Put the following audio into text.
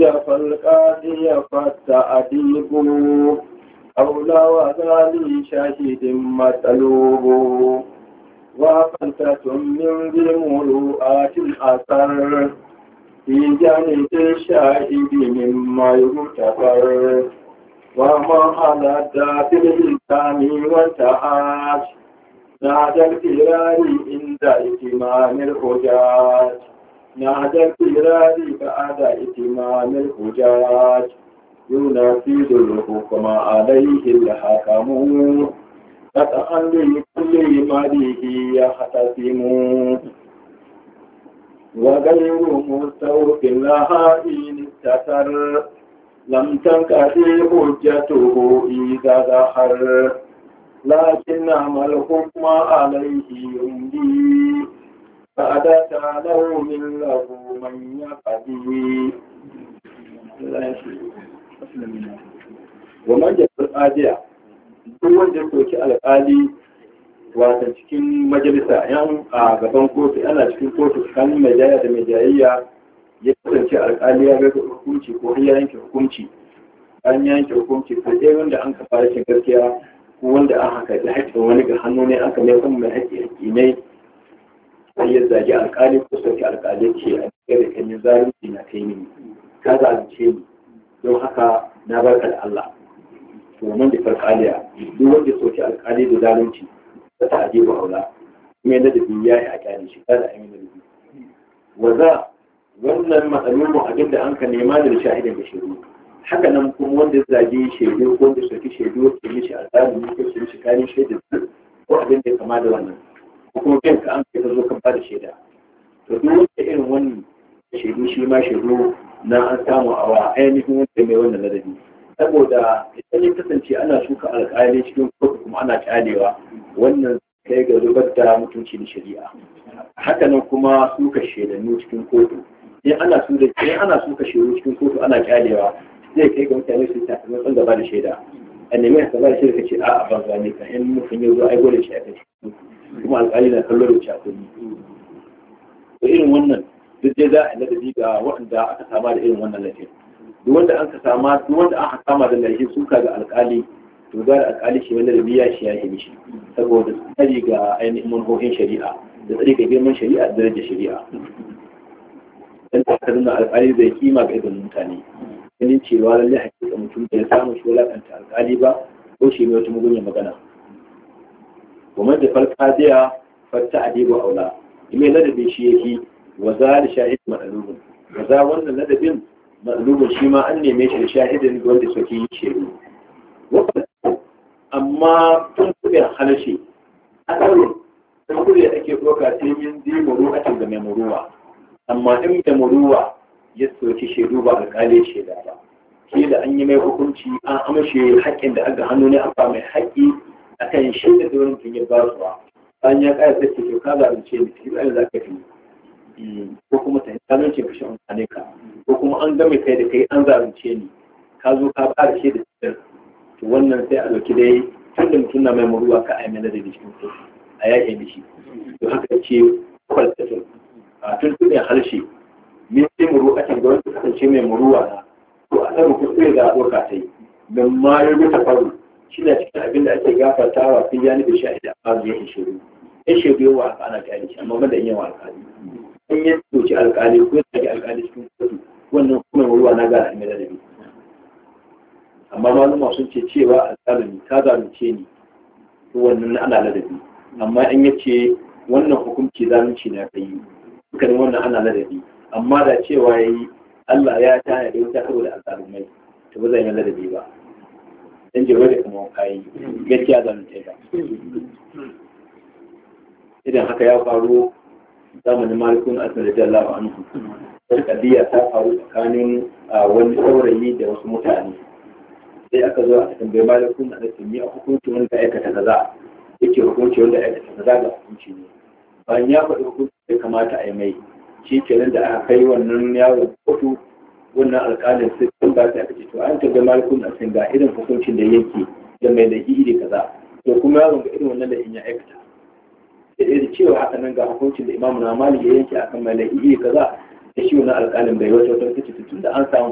يفى القاضي فاستأديب أولى وذلي شهيد مطلوب وقنطة من ذي مروءات الأثر في جانب الشاهد مما يغتفر وما على في الإنسان والتعاش بعد الفرار عند إتمام الحجاج na hajar firari ga ada ita ma mil hujjaj yuna fi da ruhu da haka mu a tsakan da yi kulle ma da yi ya hata fi mu wa gani mu saurin na haɗi ni tatar lamtan ka ce hujja lakin na malhukma alaihi yundi فأتت له من له من يقضي ومن جاء القاضية duk wanda ya soki alƙali wata cikin majalisa yan a gaban kotu ana cikin kotu tsakanin mai jaya da mai jayayya ya kasance alƙali ya gaza hukunci ko ya yanke hukunci an yanke hukunci ko dai wanda an fara shi gaskiya ko wanda an haka da haƙƙin wani ga hannu ne aka mai kuma mai haƙƙi ne sai ya zagi alƙali ko sauki alƙali ce a cikin da kan zalunci na kai ne ka zalunce ni don haka na barka da Allah to man da farƙaliya duk wanda sauki alƙali da zalunci ta ta aje ba haula kuma yadda da biya ya kyale shi kada a yi da biyu waza wannan matsalolin abin da an ka nema da shahidin da shiru haka nan kuma wanda zagi shaidu ko wanda sauki shaidu ke mishi alƙali ko ke mishi kayan shaidu ko abin da ya kama da wannan ko kuma biyan ka an kai zo kan bada shaida to duk wanda irin wannan shaidu shi ma shaidu na an samu a wa ainihin wanda mai wannan ladabi saboda idan ya kasance ana shuka alƙali cikin kotu kuma ana kyalewa wannan kai ga zubar da mutunci da shari'a Haka nan kuma suka shaidannu cikin kotu in ana su da in ana suka shaidu cikin kotu ana kyalewa zai kai ga mutane su ta kuma sun gaba da shaida A ya saba da shaida kace a'a ban zane ka in mutum ya zo ai gole shi a kai kuma alƙali na kallo da wuce akwai da irin wannan duk dai za a ladabi ga waɗanda aka sama da irin wannan laifin duk wanda aka sama duk wanda aka sama da laifin suka ga alƙali to da alƙali shi wanda ladabi ya shi ya shi mishi saboda tsari ga ainihin manhohin shari'a da tsari ga girman shari'a da daraja shari'a dan aka nuna alƙali zai kima ga irin mutane ganin cewa lallai hakika mutum bai samu shi wulaƙanta alƙali ba ko shi ne wata mugunyar magana wa man jafal qadiya fatta adibu aula ime ladabin shi yake wa za da shahid madalubun wa za wannan ladabin madalubun shi ma an neme shi da shahidin wanda suke yi shedu amma tun kubin halashi a ɗaurin tun kubin ake ɗauka sai yin zai muru'atin da mai muruwa amma in mai muruwa ya soki shaidu ba alƙali shaida ba sai da an yi mai hukunci an amshe haƙƙin da aka hannu ne an ba mai haƙƙi akan shi da wani tun ya ba su an ya ƙara sai ce ka zalunce ni ki zai za ka fi hmm, ko kuma ta zalunce ka shi amfane ka ko kuma an game kai da kai an zalunce ni ka zo ka ba da shi da sirr to wannan sai a ɗauki dai tun da mutum na mai muruwa ka a yi da jikin su a yaƙe da shi to haka ce kwalitatu a tun tun harshe min sai muruwa kan ta wani kasance mai muruwa na to a tsarin kuskure da abokatai don ma yi ta faru shine cikin abin da ake gafarta wa fi jani da shahida a zuwa in shiru in shiru yawa a ana kare shi amma banda in yawa alƙali in ya doci alƙali ko ya tage alƙali cikin kotu wannan kuma ruwa na gana mai ladabi amma maluma sun ce cewa alƙalami ta zalunce ni to wannan ana ladabi amma in ya ce wannan hukunci zalunci na yi, dukkanin wannan ana ladabi amma da cewa ya yi Allah ya yi da wuta saboda alƙalumai to ba zai yi ladabi ba dan jiro da kuma kayi gaskiya zan ta ba idan haka ya faru zamanin malikun asir da jallawa anhu sarkadiyya ta faru tsakanin wani saurayi da wasu mutane sai aka zo a tambayi malikun a nasin yi a hukunci wanda aikata kaza ke hukunci wanda aikata kaza ga hukunci ne bayan ya faɗi hukunci da kamata a yi mai shi kenan da aka kai wannan yawon kotu wannan alƙalin sai kun ba ta kace to an tabbai malikun a san ga irin hukuncin da yake da mai laifi iri kaza to kuma ya ga irin wannan in ya aikata da irin cewa haka nan ga hukuncin da imamu na malik ya yanke akan mai laifi iri kaza da shi wannan alƙalin bai wata wata kace to tunda an samu